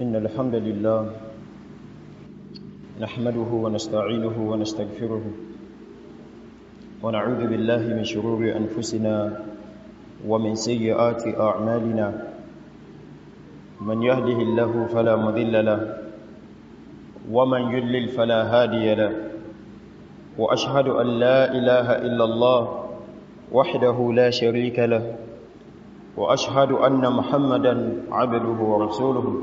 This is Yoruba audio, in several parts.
إن الحمد لله نحمده ونستعينه ونستغفره ونعوذ بالله من شرور أنفسنا ومن سيئات أعمالنا من يهده الله فلا مذل له ومن يلل فلا هادي له وأشهد أن لا إله إلا الله وحده لا شريك له وأشهد أن محمدا عبده ورسوله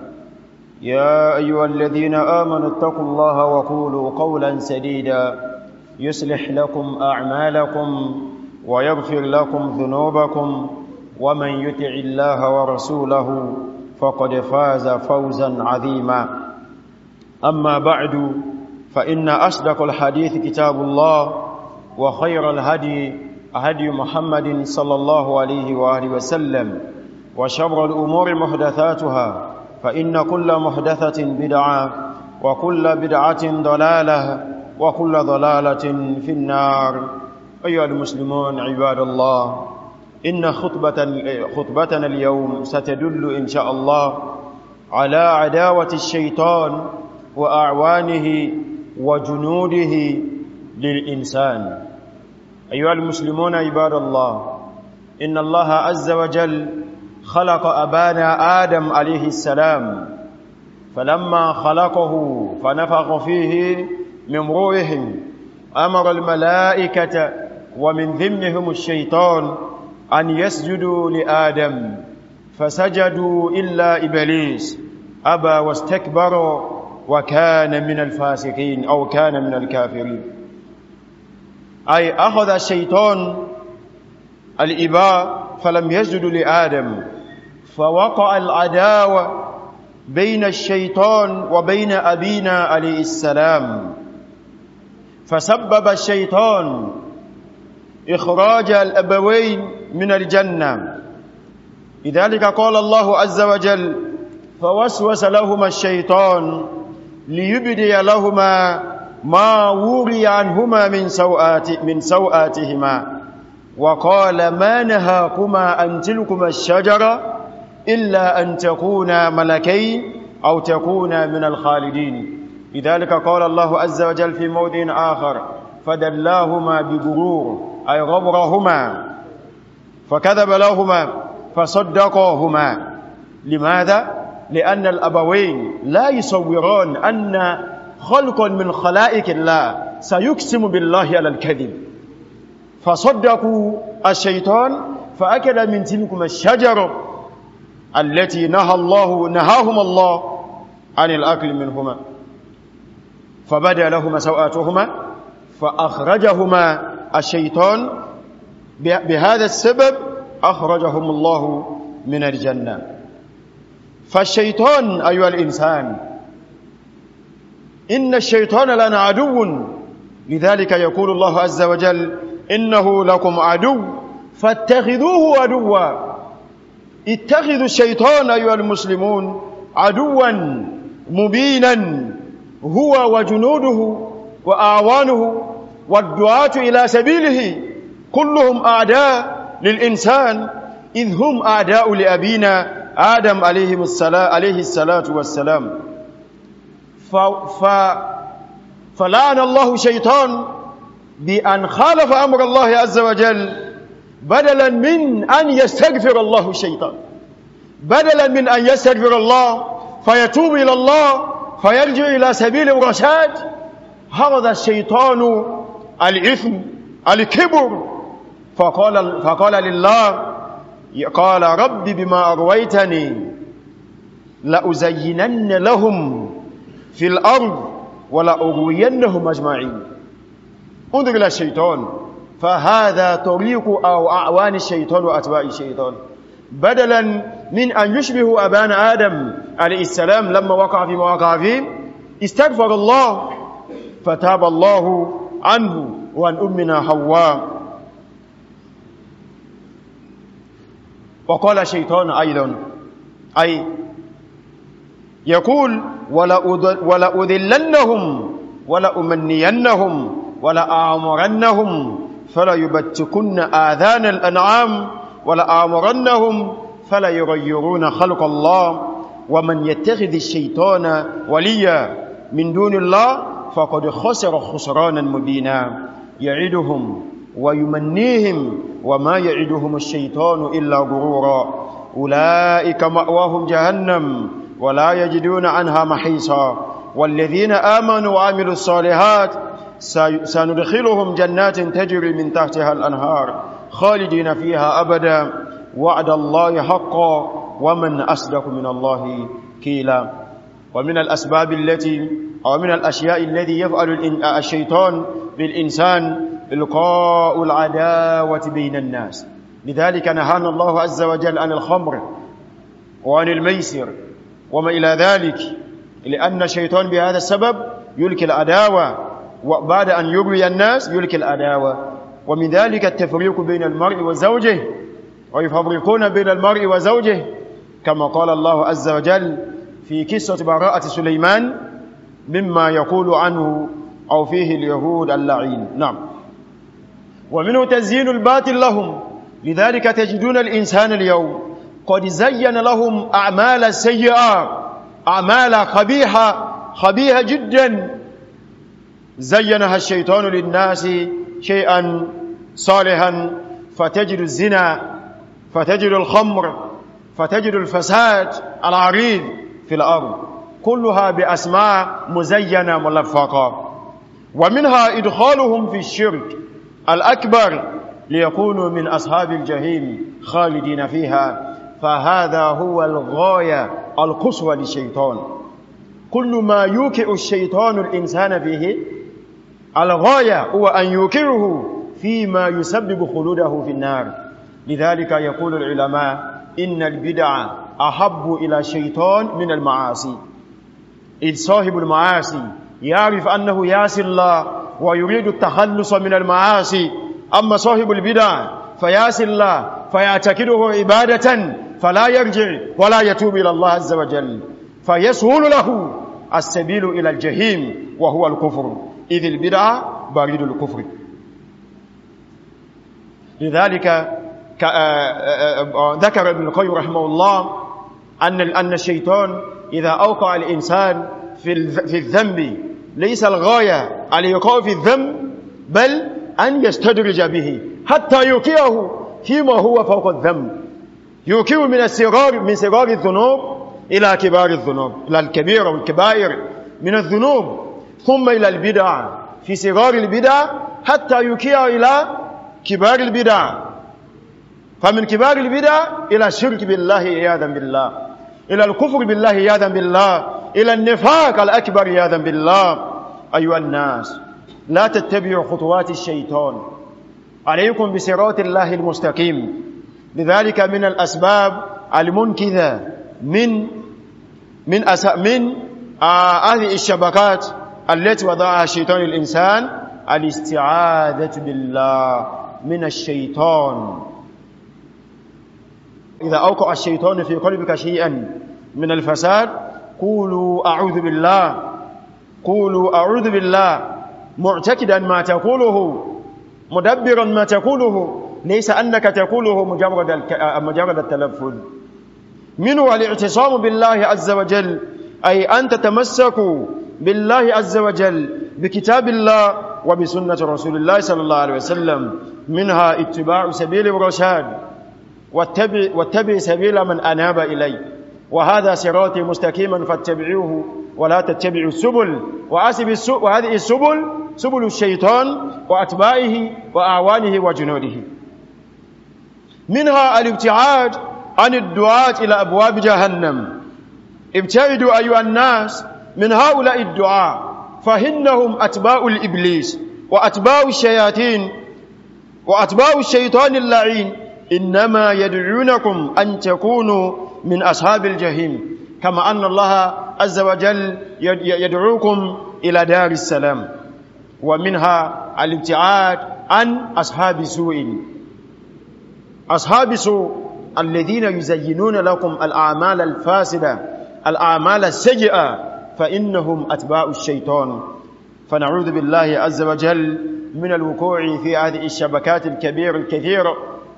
يا أيها الذين آمنوا اتقوا الله وقولوا قولا سديدا يصلح لكم أعمالكم ويغفر لكم ذنوبكم ومن يطع الله ورسوله فقد فاز فوزا عظيما أما بعد فإن أصدق الحديث كتاب الله وخير الهدي هدي محمد صلى الله عليه وآله وسلم وشر الأمور محدثاتها فإن كل محدثة بدعة وكل بدعة ضلالة وكل ضلالة في النار أيها المسلمون عباد الله إن خطبة خطبتنا اليوم ستدل إن شاء الله على عداوة الشيطان وأعوانه وجنوده للإنسان أيها المسلمون عباد الله إن الله عز وجل خلق أبانا آدم عليه السلام فلما خلقه فنفخ فيه من روحه أمر الملائكة ومن ذمهم الشيطان أن يسجدوا لآدم فسجدوا إلا إبليس أبى واستكبروا وكان من الفاسقين أو كان من الكافرين أي أخذ الشيطان الإباء فلم يسجدوا لآدم فوقع العداوة بين الشيطان وبين أبينا عليه السلام فسبب الشيطان إخراج الأبوين من الجنة لذلك قال الله عز وجل فوسوس لهما الشيطان ليبدي لهما ما وري عنهما من, سوآت من سوآتهما وقال ما نهاكما أن تلكما الشجرة إلا أن تكونا ملكين أو تكونا من الخالدين لذلك قال الله عز وجل في موضع آخر فدلاهما بغرور أي غبرهما فكذب لهما فصدقاهما لماذا؟ لأن الأبوين لا يصوران أن خلق من خلائق الله سيقسم بالله على الكذب فصدقوا الشيطان فأكل من تلكم الشجر التي نهى الله نهاهم الله عن الأكل منهما فبدا لهما سوآتهما فأخرجهما الشيطان بهذا السبب أخرجهم الله من الجنة فالشيطان أيها الإنسان إن الشيطان لنا عدو لذلك يقول الله عز وجل إنه لكم عدو فاتخذوه عدواً اتخذوا الشيطان أيها المسلمون عدوا مبينا هو وجنوده وأعوانه والدعاة إلى سبيله كلهم أعداء للإنسان إذ هم أعداء لأبينا آدم عليه الصلاة, عليه الصلاة والسلام ف ف فلعن الله شيطان بأن خالف أمر الله عز وجل بدلا من أن يستغفر الله الشيطان بدلا من أن يستغفر الله فيتوب إلى الله فيرجع إلى سبيل الرشاد هرد الشيطان الإثم الكبر فقال, فقال لله قال رب بما أرويتني لأزينن لهم في الأرض ولأغوينهم أجمعين انظر إلى الشيطان فهذا طريق أو أعوان الشيطان وأتباع الشيطان بدلا من أن يشبه أبان آدم عليه السلام لما وقع في مواقع فيه استغفر الله فتاب الله عنه وأن أمنا حواء وقال الشيطان أيضا أي يقول ولا أذلنهم ولا أمنينهم ولا أعمرنهم فلا يبتكن آذان الأنعام ولا آمرنهم فلا يغيرون خلق الله ومن يتخذ الشيطان وليا من دون الله فقد خسر خسرانا مبينا يعدهم ويمنيهم وما يعدهم الشيطان إلا غرورا أولئك مأواهم جهنم ولا يجدون عنها محيصا والذين آمنوا وعملوا الصالحات سندخلهم جنات تجري من تحتها الأنهار خالدين فيها أبدا وعد الله حقا ومن أصدق من الله كيلا ومن الأسباب التي أو من الأشياء الذي يفعل الشيطان بالإنسان إلقاء العداوة بين الناس لذلك نهانا الله عز وجل عن الخمر وعن الميسر وما إلى ذلك لأن الشيطان بهذا السبب يلقي العداوة وبعد أن يغوي الناس يلقي العداوة ومن ذلك التفريق بين المرء وزوجه ويفرقون بين المرء وزوجه كما قال الله عز وجل في كسة براءة سليمان مما يقول عنه أو فيه اليهود اللعين نعم ومنه تزيين الباطل لهم لذلك تجدون الإنسان اليوم قد زين لهم أعمال سيئة أعمال خبيحة خبيحة جداً زينها الشيطان للناس شيئا صالحا فتجد الزنا فتجد الخمر فتجد الفساد العريض في الأرض كلها بأسماء مزينة ملفقة ومنها إدخالهم في الشرك الأكبر ليكونوا من أصحاب الجحيم خالدين فيها فهذا هو الغاية القصوى للشيطان كل ما يوكئ الشيطان الإنسان فيه الغاية هو أن يوقعه فيما يسبب خلوده في النار لذلك يقول العلماء إن البدع أحب إلى الشيطان من المعاصي إذ صاحب المعاصي يعرف أنه ياسي الله ويريد التخلص من المعاصي أما صاحب البدع فياسي الله فيعتقده عبادة فلا يرجع ولا يتوب إلى الله عز وجل فيسهل له السبيل إلى الجحيم وهو الكفر إذ البدعة بريد الكفر لذلك آه، آه، آه، ذكر ابن القيم رحمه الله أن أن الشيطان إذا أوقع الإنسان في في الذنب ليس الغاية على يقع في الذنب بل أن يستدرج به حتى يوقعه فيما هو فوق الذنب يوقعه من الصغار من صغار الذنوب إلى كبار الذنوب إلى الكبير والكبائر من الذنوب ثم إلى البدع في صغار البدع حتى يكيع إلى كبار البدع فمن كبار البدع إلى الشرك بالله عياذا بالله إلى الكفر بالله عياذا بالله إلى النفاق الأكبر عياذا بالله أيها الناس لا تتبعوا خطوات الشيطان عليكم بصراط الله المستقيم لذلك من الأسباب المنكذة من من من آه، هذه الشبكات التي وضعها الشيطان الإنسان الاستعاذة بالله من الشيطان إذا أوقع الشيطان في قلبك شيئا من الفساد قولوا أعوذ بالله قولوا أعوذ بالله معتكدا ما تقوله مدبرا ما تقوله ليس أنك تقوله مجرد, مجرد التلفظ منه الاعتصام بالله عز وجل أي أن تتمسكوا بالله عز وجل بكتاب الله وبسنة رسول الله صلى الله عليه وسلم منها اتباع سبيل الرشاد واتبع, واتبع سبيل من أناب إليه وهذا صراطي مستقيما فاتبعوه ولا تتبعوا السبل وهذه السبل سبل الشيطان وأتباعه وأعوانه وجنوده منها الابتعاد عن الدعاة إلى أبواب جهنم ابتعدوا أيها الناس من هؤلاء الدعاء فهنهم أتباع الإبليس وأتباع الشياطين وأتباع الشيطان اللعين إنما يدعونكم أن تكونوا من أصحاب الجحيم كما أن الله عز وجل يدعوكم إلى دار السلام ومنها الابتعاد عن أصحاب سوء أصحاب سوء الذين يزينون لكم الأعمال الفاسدة الأعمال السيئة فإنهم أتباع الشيطان فنعوذ بالله عز وجل من الوقوع في هذه الشبكات الكبيرة الكثيرة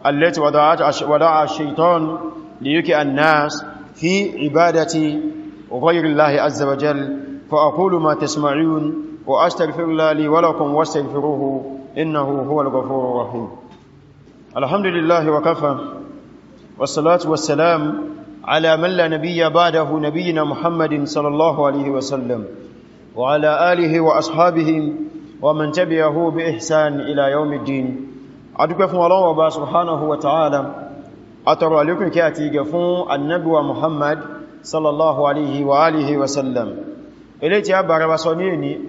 التي وضع الشيطان ليكئ الناس في عبادة غير الله عز وجل فأقول ما تسمعون وأستغفر الله لي ولكم واستغفروه إنه هو الغفور الرحيم الحمد لله وكفى والصلاة والسلام على من لا نبي بعده نبينا محمد صلى الله عليه وسلم وعلى آله وأصحابه ومن تبعه بإحسان إلى يوم الدين أدوكفوا الله وبا سبحانه وتعالى أترى لكم كاتي قفوا النبوة محمد صلى الله عليه وآله وسلم إليتي أبا ربصنيني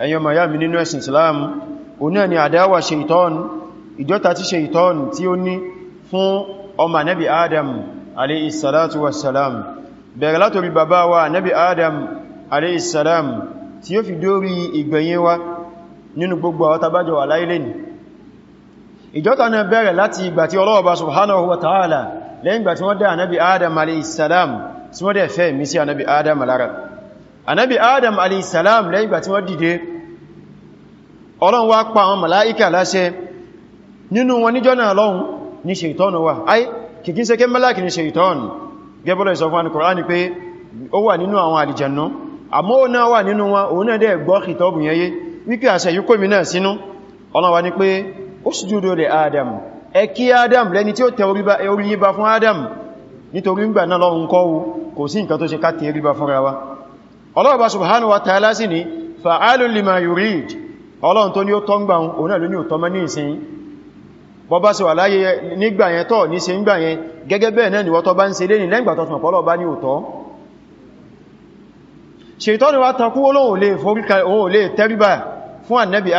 أيما يامن من السلام. الإسلام عداوة شيطان إجوتاتي شيطان تيوني فو أما نبي آدم alayhi salatu wassalam bẹ̀rẹ̀ látorí bàbá wa nabi adam alayhi salam tí ó fi dórí ìgbẹ̀yìn wa nínú gbogbo àwọn tàbájọ wà láìlẹ́ ni ìjọta náà bẹ̀rẹ̀ láti ìgbà tí ọlọ́ọ̀bá subhanahu wa ta'ala lẹ́yìn ìgbà tí wọ́n adam alayhi salam tí wọ́n dẹ̀ fẹ́ adam lára anabi adam alayhi salam lẹ́yìn ìgbà tí wọ́n dìde ọlọ́run wá pa àwọn màláíkà láṣẹ nínú wọn níjọ́ náà lọ́hun wa ai kìkí ṣe kí mẹ́láàkì ní ṣeìtọ́n gẹ́bọ́lọ̀ ìsọ̀fún àni kòránì pé ó wà nínú àwọn àlìjànà àmọ́ ó náà wà nínú wọn òun náà dẹ̀ gbọ́ ìtọ́bù yẹye wípé àṣẹ yíkó mi náà sínú ọlọ́wà adam ẹ adam lẹ́ni tí ó tẹ orí yíba fún adam nítorí ń gbà náà lọ́run kọ́wu kò sí nǹkan tó ṣe ká tẹ ríba fúnra wa ni fa'alun yurid ọlọ́run tó ní ó tọ́ ń gbà bọ́ bá ṣe wà láyé nígbà yẹn tọ́ ní ṣe ń gbà yẹn gẹ́gẹ́ bẹ́ẹ̀ náà níwọ́tọ́ bá ń ṣe lé ní lẹ́gbà tó tún bá ní òtọ́ ṣètọ́ ni wá takú olóhùn lè foríkà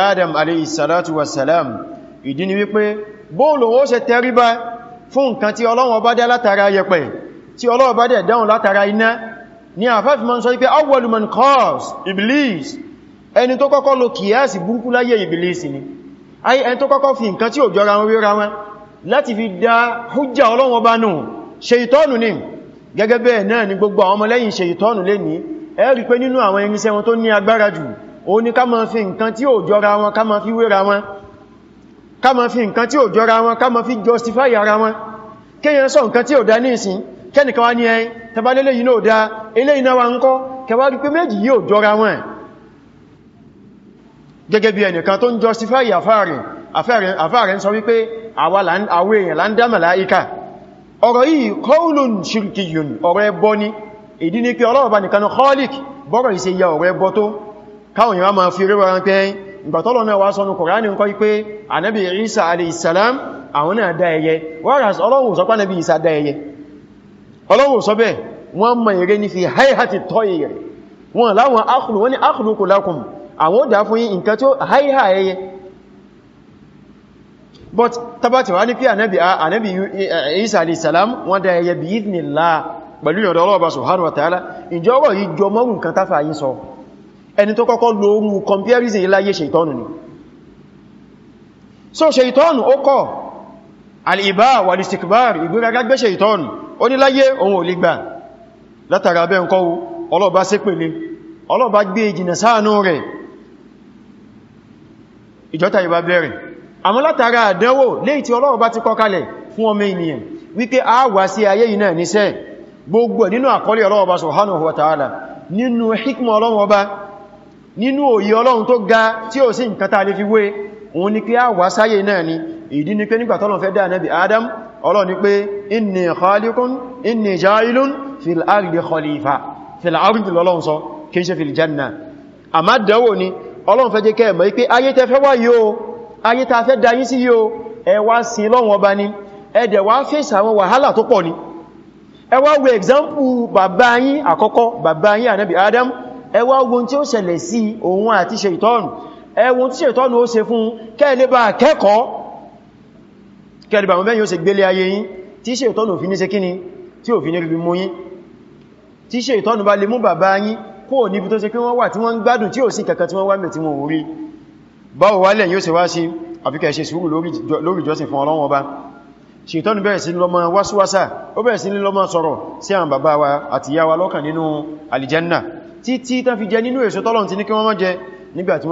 adam alayhi salatu wassalam ìdí ni wípé bóòlù ó ṣe tẹ́ríbà fún nǹkan tí ọlọ́run bá dá látara ni àfáàfí ma ń sọ wípé awwalu man qas iblis ẹni tó kọ́kọ́ lo kìíyàsì burúkú láyé iblis ni ayé ẹni tó kọ́kọ́ fi nǹkan tí ò jọra wọn wéra wọn láti fi dá hujja ọlọ́wọ́ bá nù ṣèyítọ́nù ní gẹ́gẹ́ bẹ́ẹ̀ náà ni gbogbo àwọn ọmọlẹ́yìn ṣèyítọ́nù lè ní ẹ rí pé nínú àwọn irinṣẹ́ wọn tó ní agbára jù ó ní ká máa fi nǹkan tí ò jọra wọn ká máa fi wéra wọn ká máa fi nǹkan tí ò jọra wọn ká máa fi justify gẹ́gẹ́ bí ẹnìkan tó ń justify àfáàrin àfáàrin sọ wípé àwọn èèyàn là ń dá màláíkà ọ̀rọ̀ yìí kọ́ùlùn ṣirkiyun ọ̀rọ̀ ẹbọ ni ìdí ni pé Ọlọ́run bá nìkan khalik bọ́rọ̀ ìṣe ya ọ̀rọ̀ ẹbọ tó káwọn èèyàn máa fi rẹ́wọ̀ rán láwọn akùlù wọ́n ni akùlù kò lákùnmù àwọn òdá fún yín nǹkan tí ó háíhà ẹyẹ but tabbati wá ní pé ànábì Isa alayhi salam wọ́n dá ẹyẹ bí idhnillah pẹ̀lú ìyọ̀dọ̀ ọlọ́ọ̀bá subhanahu wa ta'ala ìjọwọ́ yìí jọ mọ́rùn nǹkan tafà yìí sọ ẹni tó kọ́kọ́ lo orú comparison iláyé ṣeìtọ́nù ni so ṣeìtọ́nù ó kọ́ al'ibá wà ní stikbar ìgbéragágbé ṣeìtọ́nù ó ní láyé ohun ò lè gbà látara bẹ́ ń kọ́wú ọlọ́ọ̀bá ṣépèlé ọlọ́ọ̀bá gbé ìjìnà sáànú rẹ̀ ìjọta ìbá bẹ̀rẹ̀ àmọ́ látara àdánwò léyìí tí Ọlọ́run bá ti kọ kalẹ̀ fún ọmọ ènìyàn wípé a wà sí ayé yìí náà níṣẹ́ gbogbo nínú àkọlé Ọlọ́run Ọba subhanahu wa ta'ala nínú hikma Ọlọ́run Ọba nínú òye Ọlọ́run tó ga tí ó sì nǹkan tá lè fi wé òun ni pé a wà sáyé náà ni ìdí ni pé nígbà tọ́lọ́run fẹ́ dá Ànábì Adam Ọlọ́run ní pé inni khaliqun sọ kí n ṣe fil janna àmá dánwò ni ọlọ́run fẹ́ jẹ́ kẹ́ mọ̀ wípé ayé tẹ́ fẹ́ wá yóò ayé ta fẹ́ dayín sí yóò ẹ wá sí lọ́wọ́n ọba ni ẹ̀dẹ̀ wá fèsì àwọn wàhálà tó pọ̀ ni ẹ wá wo bàbá yín àkọ́kọ́ bàbá yín ànábì Adam ẹ wá wo tí ó ṣẹlẹ̀ sí òun àti ṣètọ́nù ẹ wo tí ṣètọ́nù ó ṣe fún kẹ́ẹ̀lébà kẹ́kọ̀ọ́ kẹ́ẹ̀lébà mọ́ bẹ́yìn ó ṣe gbélé ayé yín tí ṣètọ́nù ò fi ní ṣe mú bàbá yín kó níbi tó ṣe pé wọ́n wà tí wọ́n ń gbádùn tí ò sí kankan tí wọ́n wá mẹ́ tí wọ́n orí báwo wálẹ̀ yóò ṣe wá sí àfikẹ́ ṣe sùúrù lórí ìjọsìn fún Ọlọ́run Ọba ṣètọ́nù bẹ̀rẹ̀ sí lọ́mọ wáṣúwáṣà ó bẹ̀rẹ̀ sí lọ́mọ sọ̀rọ̀ sí àwọn bàbá wa àti ìyá wa lọ́kàn nínú alìjẹ́nà títí tán fi jẹ nínú èso tọ́lọ̀ tí ní kí wọ́n má jẹ nígbàtí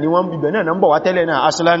ni wọ́n bìbẹ̀ náà ń bọ̀ wá tẹ́lẹ̀ náà aslan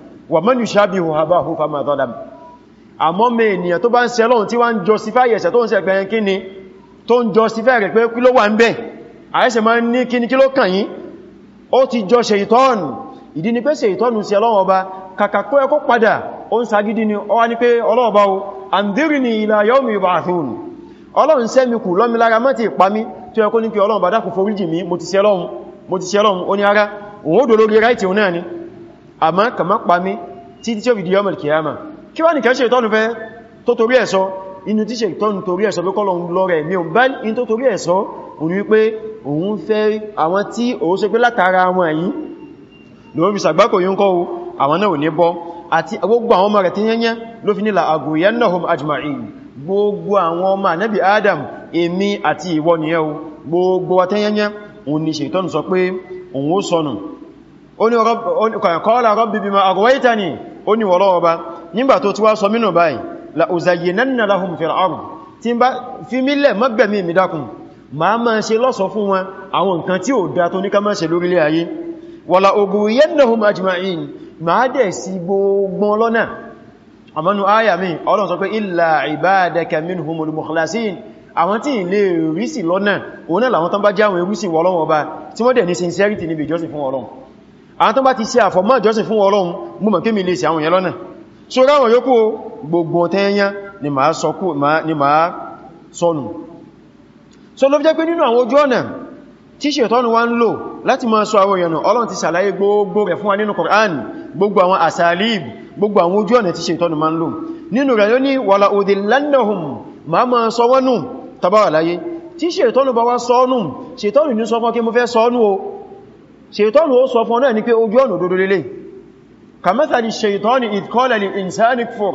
wa man yushabihu habahu fama zalam àmọ́ mẹ́ ènìyàn tó bá ń ṣe lọ́run tí wá ń justify ẹ̀ṣẹ̀ tó ń ṣe ẹgbẹ̀rin kí ni tó ń justify rẹ̀ pé kí ló wà ń bẹ̀ àyẹ́ṣẹ̀ máa ń ní kí ni kí ló kàn yín ó ti jọ ṣe ìtọ́ọ̀nù ìdí ni pé ṣe ìtọ́ọ̀nù sí ni ó wá ní pé ọlọ́run ọba o andhirini ila mi kù lọ́mi lára má ti pa mí tó ẹkọ́ àmá kàmá pàmí títí tí ó fi di yọmọ̀lì kìyàmà kí wá ní kẹ́ ṣètọ́nù fẹ́ tó torí ẹ̀sọ́ inú tí ṣètọ́nù torí ẹ̀sọ́ pé kọ́lọ̀ lọ́rẹ̀ mi ò bá in tó torí ẹ̀sọ́ òun wípé òun fẹ́ àwọn tí òun ṣe pé látara àwọn náà adam èmi àti ìwọ nìyẹn gbogbo wa tẹ́yẹnyẹ òun qala rabbi bima aghwaytani ó ní wọ́lọ́wọ́ bá nígbà tó ti wá sọ mínú báyìí la uzayyinanna lahum fil ard tí bá fi mílẹ̀ mọ́gbẹ̀mí mi dákun ma ma ṣe lọ́sọ fún wọn àwọn nǹkan tí ó dá tó ní ká má ṣe lórílẹ̀ ayé wala ughwiyannahum ajma'in ma dẹ̀ sí gbogbo lọ́nà àmọ́nu áyà mi illa ibadaka minhumul mukhlasin àwọn tí ilé rísì lọ́nà òun náà làwọn tán bá jáwọn rísì wọ́lọ́wọ́ bá tí wọ́n dẹ̀ sincerity níbi ìjọsìn fún Ọlọ́run àwọn tó bá ti ṣe àfọ̀mọ́ ìjọsìn fún Ọlọ́run mú mọ̀ kí mi lè ṣe àwọn èèyàn so ráwọn yóò gbogbo tẹ́yẹn ni ma sọkú ni màá sọnù so ló fi jẹ́ pé nínú àwọn ojú ọ̀nà tí ṣètọ́nù wá ń lò láti máa sọ àwọn èèyàn Ọlọ́run ti ṣàlàyé gbogbo rẹ̀ fún wa nínú Kùránì gbogbo àwọn àsàlìb gbogbo àwọn ojú ọ̀nà tí ṣètọ́nù máa ń lò nínú rẹ̀ ní wàlà òdì lánàhùn máa máa sọ ṣètọ́nù ó sọ fún náà ní pé ojú ọ̀nà òdodo lélé kàmẹ́sàlì ṣètọ́nù ìtkọ́lẹ̀lì insanikfur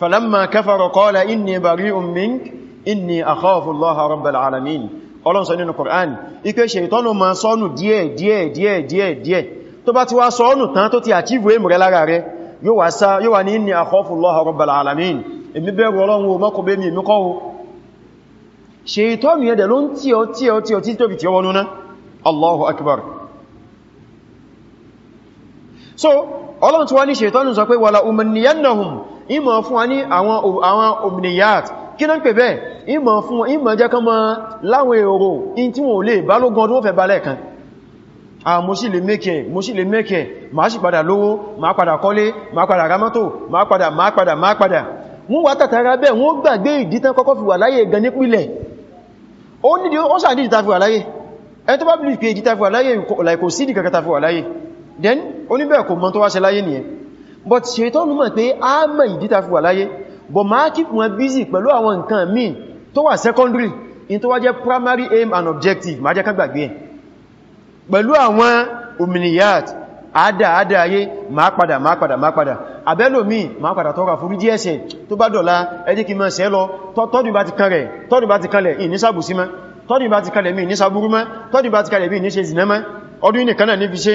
falamma kẹfàrọ kọ́lá inni bari ummink inni akhawfullaha rabbal alamin ọlọ́nsọ nínú Qur'an ipé ṣètọ́nù ma sọ́nù díẹ̀ díẹ̀ díẹ̀ díẹ̀ díẹ̀ tó bá ti wá sọ́nù tán tó ti àchíwò èmù rẹ lára rẹ yóò wà ní inni akhawfullaha rabbal alamin èmi bẹ̀rù ọlọ́run o mọ́kọ̀ bẹ́ mi èmi Allahu akbar so ọlọ́run tí wá ní ṣètọ́nù sọ pé wàlá umanniyannahum ìmọ̀ fún wa ní àwọn omniyat kí náà ń pè bẹ́ẹ̀ ìmọ̀ fún wọn ìmọ̀ jẹ́ kán mọ́ láwọn èrò in tí wọ́n lè bá lógún ọdún fẹ́ bá lẹ́ẹ̀kan à ah, mo sì lè mẹ́kẹ̀ mo sì lè mẹ́kẹ̀ ma sì padà lówó ma padà kọ́lé ma padà ramọ́tò ma padà ma padà ma padà wọ́n wá tàtàrà bẹ́ẹ̀ wọ́n gbàgbé ìdí kọ́kọ́ fi wà láyé gan nípìlẹ̀ then oníbẹ̀ kò mọ̀ tó wá ṣe láyé nìyẹn but ṣètọ́nù mọ̀ pé a mọ̀ ìdí tá fi wà láyé but ma keep wọn busy pẹ̀lú àwọn nǹkan míì tó wà secondary in tó wá jẹ́ primary aim and objective ma jẹ́ ká gbàgbé ẹ̀ pẹ̀lú àwọn ominiyat àádà àádà ayé ma padà ma padà ma padà àbẹ́lòmí ma padà tọ́ra fún rídí ẹ̀ṣẹ̀ tó bá dọ̀lá ẹdí kí mọ́ ṣẹ́ lọ tọ́dún bá ti kan rẹ̀ tọ́dún bá ti kanlẹ̀ ìníṣàbùsí mọ́ tọ́dún bá ti kanlẹ̀ mí ìníṣàbúrú mọ́ tọ́dún bá ti kanlẹ̀ mí ìníṣẹ́ ìsìnẹ́mọ́ ọdún ìnìkanáà ní fi ṣe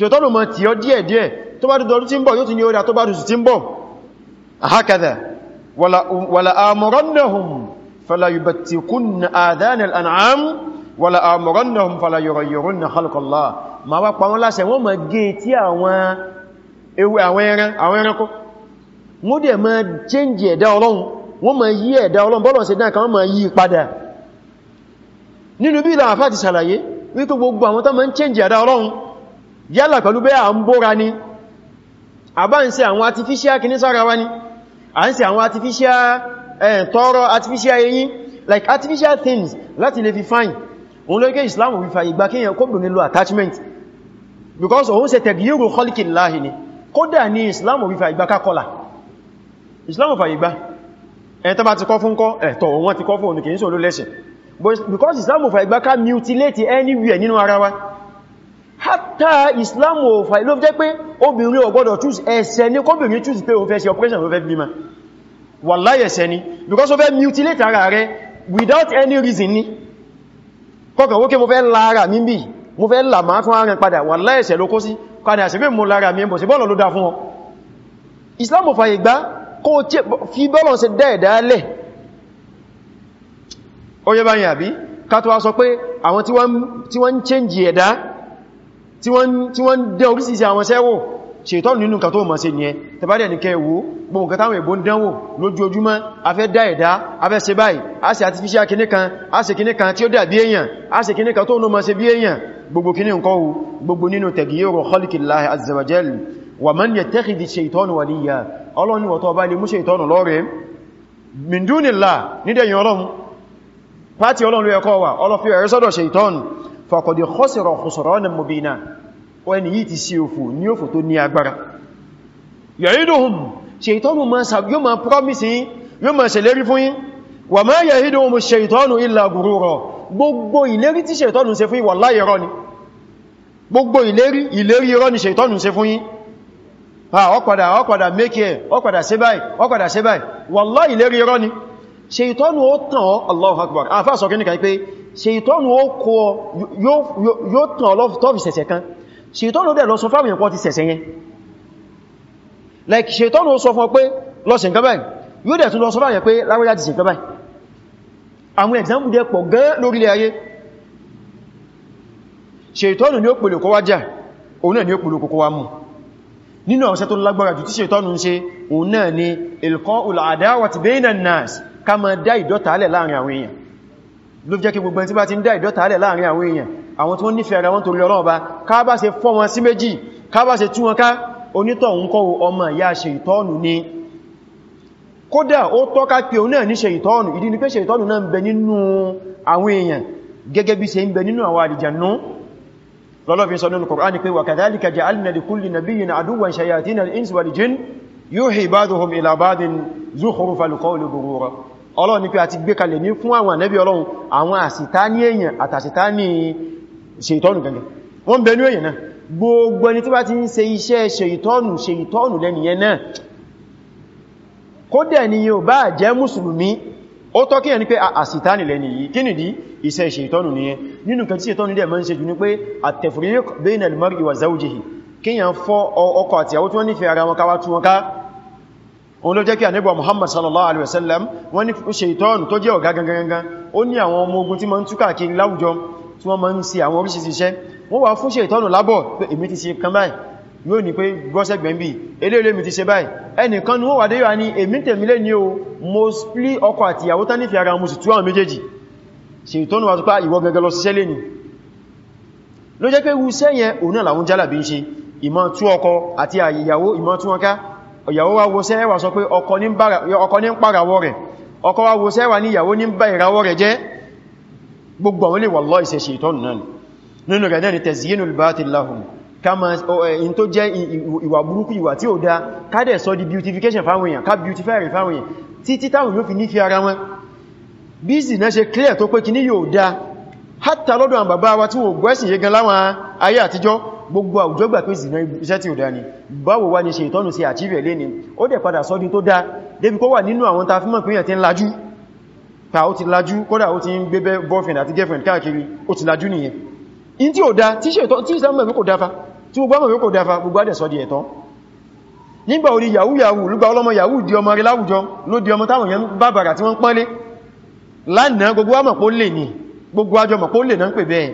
ṣètọ́nù mọ̀ tí ó díẹ̀díẹ̀ tó bá dúdọ̀rú tí ń bọ̀ yóò tún ní orí àtọ́bá dùsù tí ń bọ̀ àhákàdà wàlà àmọ̀rọ̀nàhùn fàlàyùbàtìkún àdánil an'am wàlà àmọ̀rọ̀nàhùn fàlàyùrọ̀yọ̀rún na halkọ̀lá ma wá pa wọ́n láṣẹ wọ́n ma gé tí yí ẹ̀dá ọlọ́run bọ́lọ̀ sí dáa wọ́n ma yí padà nínú bí ìlànà fàti sàlàyé wípé gbogbo àwọn tó ma ń change ẹ̀dá ọlọ́run yálà pẹ̀lú bẹ́ à ń bóra ni àbá ń ṣe àwọn artificial kìní sára wa ni à ń ṣe àwọn artificial tọrọ artificial eyín like artificial things láti lè fi fine òun lórí Islam wí fàyè gbà kíyàn kóbùn nílò attachment because òun ṣe tẹ̀gìyàrò kọlìkìláhì ni kódà ní Islam wí fàyè gbà kákọlà Islam fàyè gbà ẹ̀tọ́ bá ti kọ́ fún kọ́ ẹ̀tọ́ wọn ti kọ́ fún òun kìí sọ ló lẹ́sìn because Islam fàyè gbà ká mutilate anywhere nínú ara wa hátà islam ò fà ló jẹ́ pé obìnrin ò gbọ́dọ̀ choose ẹ̀ṣẹ̀ ní kóbìnrin choose pé o fẹ́ ṣe operation ló fẹ́ bímọ wallahi ẹ̀ṣẹ̀ ni because o fẹ́ mutilate ara rẹ without any reason ni kọkàn wókè mo fẹ́ lára mi bí mo fẹ́ là máa tún ara padà wallahi ẹ̀ṣẹ̀ ló kó sí kàdà àṣẹ pé mo lára mi ẹbọ̀ sí bọ́ọ̀lọ̀ ló dá fún ọ islam ò fàyè gbà kó fi bọ́ọ̀lọ̀ sí dẹ́ẹ̀dálẹ̀ ó yẹ báyìí àbí ká tó wá sọ pé àwọn tí wọ́n ń change ẹ̀dá tí wọ́n dẹ orísìíṣẹ́ àwọn sẹ́wò ṣètọ́ nínú kàtó ma ṣe nìyẹn tàbádẹ̀ ní kẹwò gbogbo kàtàwò ìbò ń dánwò lójoojúmọ́ afẹ́ dá ẹ̀dá afẹ́ ṣe báyìí a ṣe artificial kìní kan a ṣe kìní kan tí ó dà bí èyàn a ṣe kìní kan tó nù ma ṣe bí èyàn gbogbo kìní nǹkan gbogbo nínú tagyiru khalqillahi azza wa jal wa man yattakhidhi shaytana waliya ọlọ́run ni wọ̀tọ́ bá lè mú ṣètọ́nù lọ́rẹ̀ min dunillah nídẹ̀yìn ọlọ́run pàtí ọlọ́run ló ẹkọ́ wà ọlọ́fí ẹ̀rẹ́sọ́dọ̀ ṣètọ́nù faqad khasira khusranan mubina ẹni yìí ti sí òfò ní òfò tó ní agbára ya'iduhum ṣètọ́nù yóò máa promise yín yóò máa ṣèlérí fún yín wa ma ya'iduhum ṣètọ́nù illa ghurura gbogbo ìlérí tí ṣètọ́nù ṣe ṣètọ́nù ó kó yóò tàn ọlọ́fì sẹ̀sẹ̀ kan ṣètọ́nù dẹ̀ lọ sọ fáwọn èèyàn pọ̀ ti sẹ̀sẹ̀ yẹn like ṣètọ́nù ó sọ fún ọ pé lọ́sìn kan báyìí yóò dẹ̀ tún lọ sọ fáwọn èèyàn pé láwẹ́yà ti sìn kan báyìí àwọn example dẹ̀ pọ̀ gan lórílẹ̀ ayé ṣètọ́nù ni ó pèlò kọwá jà òun ni ó ni ilqa'ul adawati bayna an-nas ká máa dá ìdọ́ta ló jẹ́ kí gbogbo ẹni tí bá ti ń dá ìdọ́ta alẹ̀ láàrin àwọn èèyàn àwọn tó nífẹ̀ẹ́ ara wọn torí Ọlọ́run bá ká bá ṣe fọ́ wọn sí méjì ká bá ṣe tú wọn ká onítọ̀ ń kọ́ ọmọ ìyá ṣe ìtọ́nù ni kódà ó tọ́ka pé òun náà ní ṣe ìtọ́nù ìdí ni pé ṣe ìtọ́nù náà ń bẹ nínú àwọn èèyàn gẹ́gẹ́ bí ṣe ń bẹ nínú àwọn àlìjànú lọ́lọ́fin sọ nínú Kùránì pé wakadhalika ja'alna li kulli nabiyyin aduwwan shayatina al-insi wal jinn yuhi ba'duhum ila ba'din zukhrufal qawli ghurura ọlọ́run ní pé a ti gbé kalẹ̀ ní fún àwọn ànẹ́bí ọlọ́run àwọn àsìtá ní èèyàn àtàsìtá ní ṣètọ́nù gẹ̀gẹ̀ wọ́n bẹ̀ẹ́nú èèyàn náà gbogbo ẹni tí bá ti ń ṣe iṣẹ́ ṣètọ́nù ṣètọ́nù lẹ́nìyẹn náà kódẹ̀ ni yóò bá jẹ́ mùsùlùmí ó tọ́ kí ẹni pé àsìtánì lẹ́ni yìí kí nìdí iṣẹ́ ṣètọ́nù nìyẹn nínú kan tí ṣètọ́nù dẹ̀ mọ́ ń ṣe jù ní pé at-tafriq bayna al-mar'i wa òun ló jẹ́ kí àníbà Muhammad sallallahu alaihi wasallam wọ́n ní ṣètọ́nù tó jẹ́ ọ̀gá gangan ó ní àwọn ọmọ ogun tí ma ń túkà kiri láwùjọ tí wọ́n ma ń ṣe àwọn oríṣìí iṣẹ́ wọ́n wá fún ṣètọ́nù lábọ̀ pé èmi ti ṣe kan báyìí yóò ní pé gbọ́sẹ̀gbẹ̀n bí eléèrè mi ti ṣe báyìí ẹnìkan ni wọ́n wà dé yà ní èmi tẹ̀mílé ní o mo splí ọkọ àti ìyàwó tán nífẹ̀ẹ́ ara ìtọ́nù wà ah, ìmọ̀ tú ọkọ àti àyíyàwó ìmọ̀ tú wọn ìyàwó wa wo sẹ́wà sọ pé ọkọ ní ń pàràwọ̀ rẹ̀ ọkọ wa wo sẹ́wà ní ìyàwó ní ń bá ìràwọ̀ rẹ̀ jẹ́ gbogbo àwọn ilé wallahi ìṣẹ́ ṣètọ́nù náà nínú rẹ̀ náà ni tazyinul batil lahum kama in tó jẹ́ ìwà burúkú ìwà tí beautification fáwọn èèyàn ká beautify rẹ̀ fáwọn èèyàn títí táwọn yóò fi ní fi ara wọn bí sì náà ṣe clear tó pé gbogbo àwùjọgbà pé ìsìnà iṣẹ́ tí ó dá ní báwo wá ní ṣe ìtọ́nù sí àchíbẹ̀ lé ní ó dẹ̀ padà sọ́dún tó dá débi kó wà nínú àwọn ta fímọ̀ pé yẹn ti ń lajú ta ó ti lajú kódà ó ti ń gbébẹ́ boyfriend àti girlfriend káàkiri ó ti lajú nìyẹn in tí ó dá tí ìsànmọ̀ pé kò dáfa tí gbogbo àmọ̀ pé kò dáfa gbogbo adẹ̀ sọ́dí ẹ̀tọ́ nígbà orí yahoo yahoo lúgbà ọlọ́mọ yahoo di ọmọ rí láwùjọ ló di ọmọ táwọn yẹn bàbàrà tí wọ́n pọ́nlé lánàá gbogbo àmọ̀ pó lè ní lè náà ń pè bẹ́ẹ̀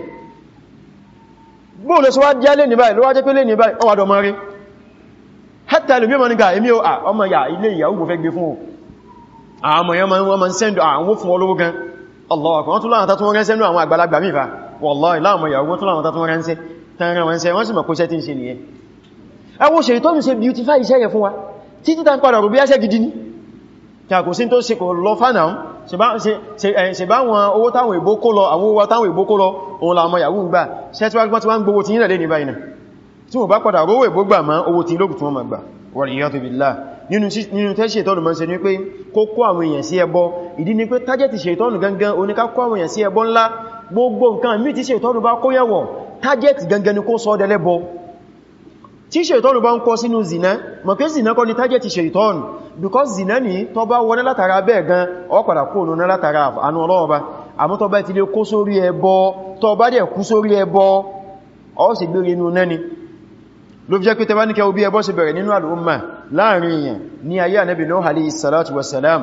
bóòlù sọ wá jẹ́ lè ní báyìí ló wá jẹ́ pé lè ní báyìí ọwàdọ̀ mọ́ rí hẹ́tà ilé mọ́ nígbà èmi ọmọ ìyà ilé ìyàwó kò fẹ́ gbé fún ọmọ wọn ma Allah kan tún láwọn tàtún ránṣẹ́ ní àwọn àgbàlagbà mìífà wallahi láwọn ìyàwó tún láwọn tàtún ránṣẹ́ tàrán ránṣẹ́ wọ́n sì mọ̀ kó sẹ́ tí ń ṣe nìyẹn ẹwọ́ beautify iṣẹ́ yẹ fún wa títí ta ń kí àkòsí tó sì kò lọ fánà ṣe bá wọn owó táwọn ìbó kó lọ àwọn owó táwọn ìbó kó lọ òun làmọ yàwó ń gbà ṣẹ́tíwájúmọ́ tí wọ́n ń gbówó tí nílẹ̀ ní báyìí tí wọ́n bá padà rówó ìbó gbà má owó tí ṣe ní gangan oníká kó àwọn èèyàn sí ẹbọ ńlá gbogbo nǹkan mí tí ṣètọ́nù bá kó yẹ̀wọ̀ tájẹ̀tì gangan ni kó sọ dẹlẹ́bọ ń kọ sínú zina mọ̀ pé zina kọ́ ni tájẹ̀tì ṣètọ́nù because zina ni tó bá wọlé látara bẹ́ẹ̀ gan ó padà kó ònà látara àánú Ọlọ́run bá àmọ́ tó bá ti lè kó sórí ẹbọ tó bá dẹ̀ kú sórí ẹbọ ó sì gbére inú náà ni ló fi jẹ́ pé tẹbá ní kẹ obi ẹbọ sì bẹ̀rẹ̀ nínú al'umma láàrin èèyàn ní ayé ànábì Nuh alayhi salatu wasalam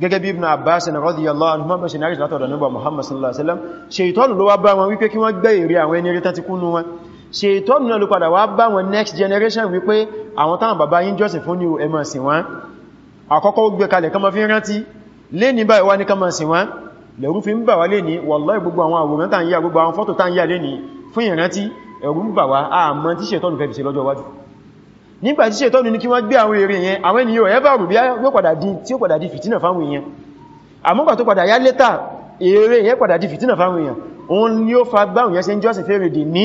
gẹ́gẹ́ bí ibn abbas na radiyallahu anhu mọ́bẹ̀ sinari látọ̀dọ̀ nígbà muhammad sallallahu alaihi wasallam ṣe ìtọ́nù ló wá bá wọn wípé kí wọ́n gbẹ́ èrè àwọn ẹni rí tàti kúnnú wọn ṣètọ́nù náà ló padà wá bá wọn next generation wípé àwọn táwọn bàbá yín jọ́sìn fún ní o ẹmọ̀ sí wọ́n àkọ́kọ́ ó gbé kalẹ̀ kán ma fi rántí lé ní báyìí wá ní kán ma sí wọ́n lẹ̀rú fi ń bà wá lé ní wallahi gbogbo àwọn àwòrán tàn yà gbogbo àwọn fọ́tò tàn yà lé ní fún ìrántí ẹ̀rù ń bà wá àmọ́ tí ṣètọ́nù fẹ́ fi ṣe lọ́jọ́ wájú nígbà tí ṣètọ́nù ní kí wọ́n gbé àwọn ère yẹn àwọn ènìyàn ẹ̀ bá rù bí yóò padà di tí ó padà di fìtínà fáwọn èèyàn àmọ́gbà tó padà yá létà ère yẹn padà di fìtínà fáwọn èèyàn òun ni ó fa báwọn yẹn ṣe ń jọ́sìn fẹ́rẹ̀ dì ní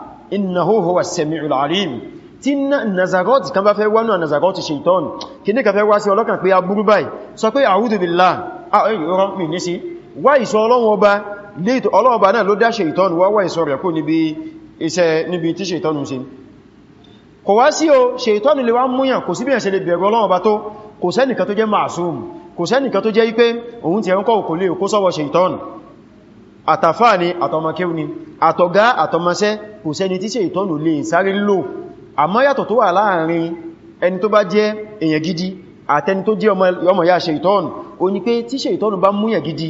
innahu huwa as-sami'ul 'alim tí nazarot kan bá fẹ́ wá náà nazarot shaitan kí ní ka fẹ́ wá sí ọlọ́kàn pé aburú báyìí sọ pé a'udhu billah ọ̀rọ̀ mi ní sí wá ìṣọ́ ọlọ́run ọba léètò ọlọ́run ọba náà ló dá shaitan wá wá ìṣọ́ rẹ̀ kó níbi iṣẹ́ níbi tí shaitan ń ṣe kò wá sí o shaitan lè wá múyàn kò sí bí ẹ̀ṣẹ̀ lè bẹ̀rù ọlọ́run ọba tó kò sẹ́nìkan tó jẹ́ ma'asum kò sẹ́nìkan tó jẹ́ wípé òun ti ẹ̀rùn kọ́ òkò lè kó sọ́wọ́ shaitan àtàfà ni àtọmọkéwù ni àtọ̀gá àtọmọṣẹ́ kò sẹ́ni tí ṣe ìtọ́nù lè sáré lò àmọ́ yàtọ̀ tó wà láàrin ẹni tó bá jẹ́ èyàn gidi àtẹni tó jẹ́ ọmọ ya ṣe ìtọ́nù o ní pé tí ṣe ìtọ́nù bá mú yàn gidi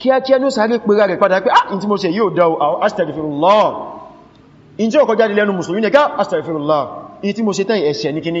kíákíá ló sáré ah in tí mo ṣe yóò dá astaghfirullah in tí ó kọjá di lẹ́nu mùsùlùmí nìká ah, astaghfirullah in tí mo ṣe tán ẹ̀ṣẹ̀ ní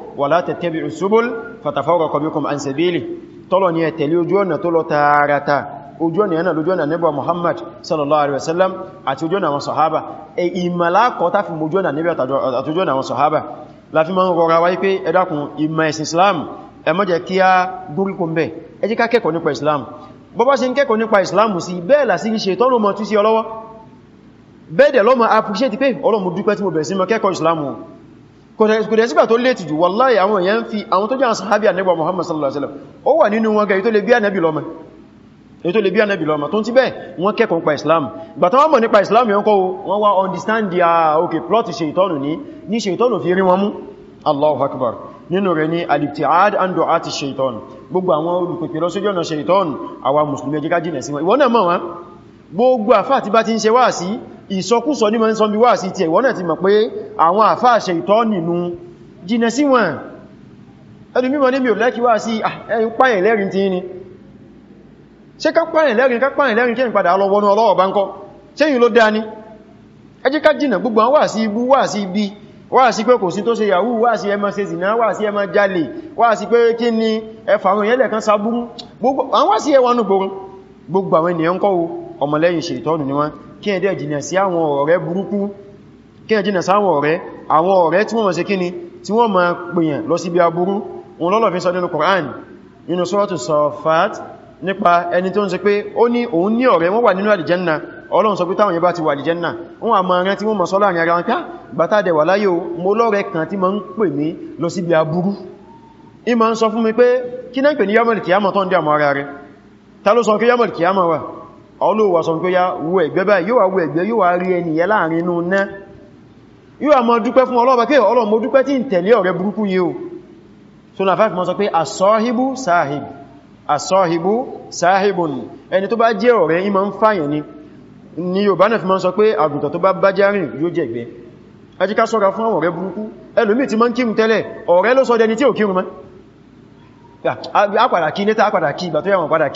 ولا تتبعوا السبل فتفرق بكم عن سبيله tọ́lọ̀ ni ẹ tẹ̀lé ojú ọ̀nà tó lọ tààràtà ojú ọ̀nà yana lójú ọ̀nà nígbà Muhammad sallallahu alaihi wasallam àti ojú ọ̀nà àwọn sọ̀hábà e ìmàlákọ̀ ta fi mojú ọ̀nà níbi àtojú ọ̀nà àwọn sọ̀hábà láfi ma ń rọra wáyé pé ẹ dákun ìmà ẹ̀sìn Islam ẹ má jẹ́ kí a gúrí kún bẹ́ ẹ jẹ́ ká kẹ́kọ̀ọ́ nípa Islam bọ́bá sí ń kẹ́kọ̀ọ́ nípa Islam sí bẹ́ẹ̀ là sí kò dẹ̀ sígbà tó léètì jù wallahi àwọn èèyàn fi àwọn tó jẹ́ àwọn sahabi ànẹ́bà Muhammad sallallahu alaihi wasallam ó wà nínú wọn gẹ̀ẹ́ tó lè bí ànẹ́bì lọ́mọ èyí tó lè bí ànẹ́bì lọ́mọ tó ti bẹ́ẹ̀ Islam ìgbà tó wọ́n mọ̀ nípa Islam yẹn kọ́ wọ́n wá understand their ah, okay plot ṣeìtọ́nù ní ní ṣeìtọ́nù fi rí Akbar nínú rẹ̀ ní al-ibti'ad an du'ati ṣeìtọ́nù gbogbo àwọn olùpẹ̀pẹ̀ lọ sójú ọ̀nà ṣeìtọ́nù àwa mùsùlùmí ẹjẹ́ ká jìnà sí wọn ìwọ́n náà mọ̀ wọn gbogbo àfáà ti ìsọkúsọ ní mọ́sán bí wà sí ti ẹ̀wọ́n náà ti mọ̀ pé àwọn àfáàṣẹ ìtọ́ nínú jìnà sí wọn ẹni mímọ̀ ní mi ò lẹ́kí wà sí ah, páyẹ̀ lẹ́rin tí ní ṣe ká páyẹ̀ lẹ́rin ká páyẹ̀ lẹ́rin kí n padà lọ́wọ́nú ọlọ́wọ́ bá ń kọ́ ṣe yìí ló dání ẹ jẹ́ ká jìnà gbogbo wà sí ibú wà sí ibi wà sí pé kò sí tó ṣe yahoo wà sí ẹmọ ṣe zìnà wà sí ẹmọ jalè wà sí pé kí ni ẹfà àwọn èèyàn lẹ́kan sábúrú àwọn wà sí ẹwà nù gbogbo àwọn ènìyàn kọ́ ọmọlẹ́yìn ni wọ́n kí ẹ dẹ̀ jìnà sí àwọn ọ̀rẹ́ burúkú kí ẹ jìnà sáwọn ọ̀rẹ́ àwọn ọ̀rẹ́ tí wọ́n mọ̀ sí kíni tí wọ́n máa pèyàn lọ sí ibi aburú òun lọ́lọ́ fi sọ nínú Qur'an nínú suratu Safat nípa ẹni tó ń ṣe pé ó ní òun ní ọ̀rẹ́ wọ́n wà nínú àlìjẹ́nà Ọlọ́run sọ pé táwọn yẹn bá ti wà àlìjẹ́nà wọ́n àmọ́ ẹran tí wọ́n mọ̀ sọ́lá àrin ara ń ká gbátàdẹ̀ wà láyé o mo lọ́rẹ́ kan tí ma ń pè mí lọ ọlọ́wà sọ pé ya wo ẹ̀gbẹ́ báyìí yóò wà wo ẹ̀gbẹ́ yóò wà rí ẹni yẹ láàrin inú náà yóò àmọ́ dúpẹ́ fún ọlọ́ọ̀bá kí ọlọ́mọ dúpẹ́ tí ń tẹ̀lé ọ̀rẹ́ burúkú yìí so na 5 sọ pé asọ́hìbú sáhìb asọ́hìbú sáhìbùn ni ni yóò bá náà fi mọ́ sọ pé àgùntàn tó bá bá járìn yóò jẹ́ gbé ẹ jí ká sọ́ra fún àwọn ọ̀rẹ́ burúkú ẹlòmí ti mọ́ ń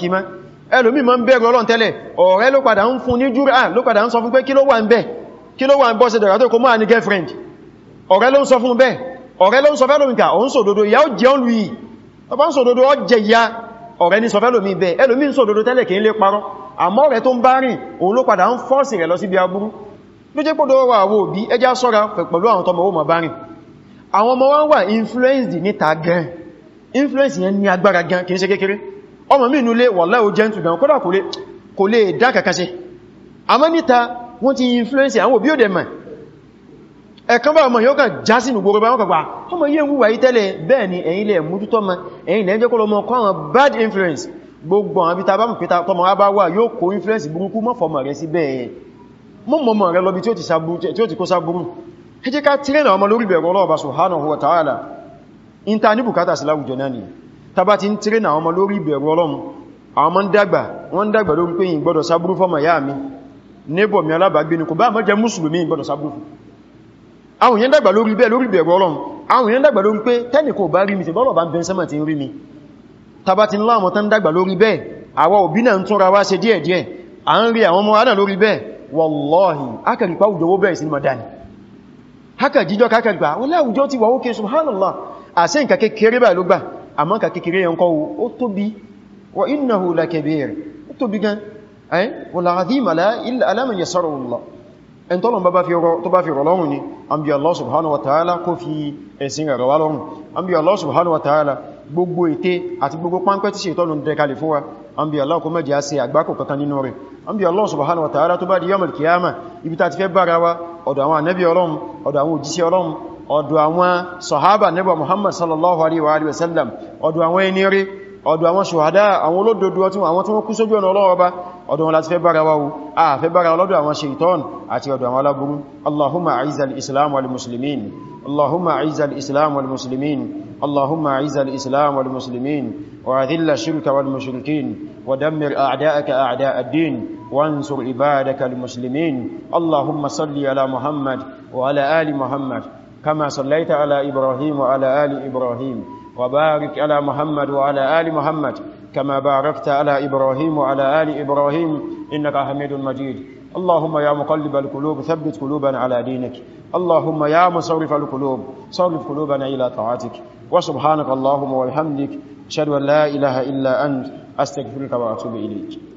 kírun ẹlòmí ma ń bẹ̀rù Ọlọ́run tẹ́lẹ̀ ọ̀rẹ́ ló padà ń fún ní júrà ah, ló padà ń sọ fún pé kí ló wà ń bẹ̀ kí ló wà ń bọ́ sí dọ̀rọ̀ tó kó máa ní girlfriend ọ̀rẹ́ ló ń sọ fún bẹ́ ọ̀rẹ́ ló ń sọ fẹ́lòmíkà òun sòdodo ìyá ó jẹ́ olù yìí ọba ń sòdodo ọ jẹ ìyá ọ̀rẹ́ ní sọ fẹ́lòmí bẹ́ ẹlòmí ń sòdodo tẹ́lẹ̀ kì í lè parọ́ àmọ́ ọ̀rẹ́ tó ń bá rìn òun ló padà ń fọ́ọ̀sì rẹ̀ lọ síbi aburú ló jẹ́ pọ́dọ̀ wà wò bí ẹjá sọ́ra pẹ̀lú àwọn tọmọ wọ́n bá rìn àwọn ọmọ wọn wà influenced níta gan influence yẹn ní agbára gan kì í ṣe kékeré ọmọ mi inúlé wàlá ó jẹ́ntù gan kódà kò lè dá kàkàṣe àmọ́ níta wọ́n ti influence àwọn òbí òdẹ̀ mọ̀ ẹ̀kan bá ọmọ yóò kàn já sínú gbogbo bá wọ́n kàgbà ọmọ yíò wúwà yí tẹ́lẹ̀ bẹ́ẹ̀ ni ẹ̀yin lè mújútọ́ ma bad influence gbogbo àwọn abita bá mọ̀ pẹ́ta tọmọ bá wà yóò kó influence burúkú mọ́ fọmọ rẹ̀ sí bẹ́ẹ̀ mọ́ mọ́ rẹ̀ lọ́bi tí ó ti kó sáburú ẹ jẹ́ ká tírẹ̀nà ọmọ lórí bẹ̀rọ ọlọ́ọ̀bá subhanahu wa ta'ala in láwùjọ náà nìyàn tàbá ti ń tírínà àwọn ọmọ lórí ìbẹ̀rù ọlọ́run àwọn ọmọ ń dàgbà wọ́n ń dàgbà lórí pé ìgbọ́dọ̀ sábúrú fọ́mọ̀ yá mi níbọ̀ mi alábàágbé ni kò bá mọ́jẹ mùsùlùmí ìgbọ́dọ̀ sábúrú fún àwọn èèyàn dàgbà lórí bẹ́ẹ̀ lórí ìbẹ̀rù ọlọ́run àwọn èèyàn dàgbà bá wallahi akàrípa òjòwó bẹ́ẹ̀ sí ni mọ̀dánì haka jíjọ́ kákàrípa wọ́n láwùjọ ti wà ókè subhanallah àṣẹ ló gbà àmọ́kà kékeré yẹn kọ́ ó tóbi wa innahu lakabir ó tóbi gan ẹ́ wala azim ala man yassarahu Allah ẹn tọ́lọ̀ tó bá fi rọ̀ lọ́rùn ni an bí Allah subhanahu wa ta'ala kó fi ẹ̀sìn rẹ̀ wá lọ́rùn an bí Allah subhanahu wa ta'ala gbogbo ète àti gbogbo páńpẹ́ tí ṣètọ́nù dẹkalẹ̀ fún wa an bí Allah kó mẹ́jì á ṣe àgbákò kankan nínú rẹ̀ an bí Allah subhanahu ọ̀dọ̀ àwọn sọ̀hábà Ànábì Muhammad sallallahu alaihi wa sallam ọ̀dọ̀ àwọn ẹni rí ọ̀dọ̀ àwọn ṣùhádá àwọn olódodo àwọn tí wọ́n kú sójú ọ̀nà Ọlọ́run Ọba ọ̀dọ̀ wọn láti fẹ́ bára wáwú a fẹ́ bára ọlọ́dọ̀ àwọn ṣeitọ́n àti ọ̀dọ̀ àwọn aláburú allahumma aizal islam wal muslimin allahumma aizal islam wal muslimin allahumma aizal وانصر عبادك المسلمين اللهم صل على محمد وعلى آل محمد كما صليت على إبراهيم وعلى آل إبراهيم وبارك على محمد وعلى آل محمد كما باركت على إبراهيم وعلى آل إبراهيم إنك حميد مجيد اللهم يا مقلب القلوب ثبت قلوبنا على دينك اللهم يا مصرف القلوب صرف قلوبنا إلى طاعتك وسبحانك اللهم والحمدك شهد أن لا إله إلا أنت أستغفرك وأتوب إليك